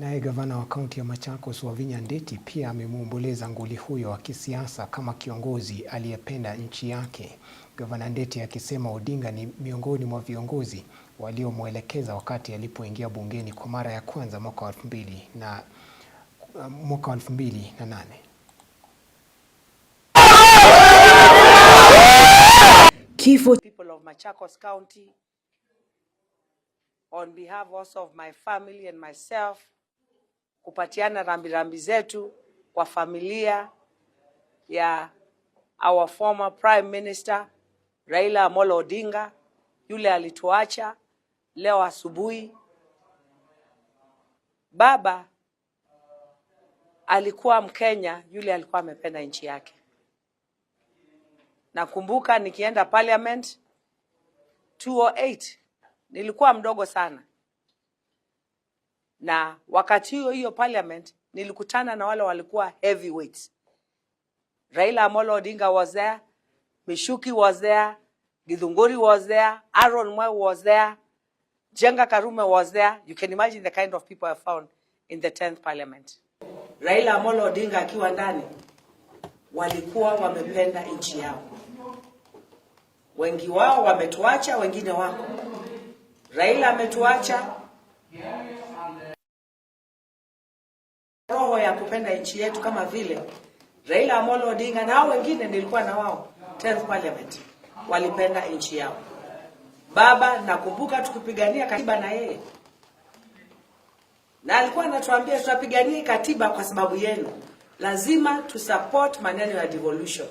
Naye gavana wa kaunti ya Machakos Wavinya Ndeti pia amemwomboleza nguli huyo wa kisiasa kama kiongozi aliyependa nchi yake. Gavana Ndeti akisema Odinga ni miongoni mwa viongozi waliomwelekeza wakati alipoingia bungeni kwa mara ya kwanza mwaka wa elfu mbili na mwaka wa elfu mbili na nane. Kifo people of Machakos County on behalf also of my family and myself kupatiana rambirambi zetu kwa familia ya our former prime minister Raila Amolo Odinga, yule alituacha leo asubuhi. Baba alikuwa Mkenya yule alikuwa amependa nchi yake. Nakumbuka nikienda parliament 208 nilikuwa mdogo sana, na wakati huo hiyo parliament nilikutana na wale walikuwa heavyweight. Raila Amolo Odinga was there, Mishuki was there, Githunguri was there, Aaron Mwai was there, Jenga Karume was there. You can imagine the kind of people I found in the 10th parliament. Raila Amolo Odinga akiwa ndani, walikuwa wamependa nchi yao. Wengi wao wametuacha, wengine wako. Raila ametuacha roho ya kupenda nchi yetu kama vile Raila Amolo Odinga na wengine nilikuwa na wao 10th parliament walipenda nchi yao. Baba nakumbuka tukipigania katiba na yeye, na alikuwa anatuambia tutapigania katiba kwa sababu yenu, lazima tusupport maneno ya devolution.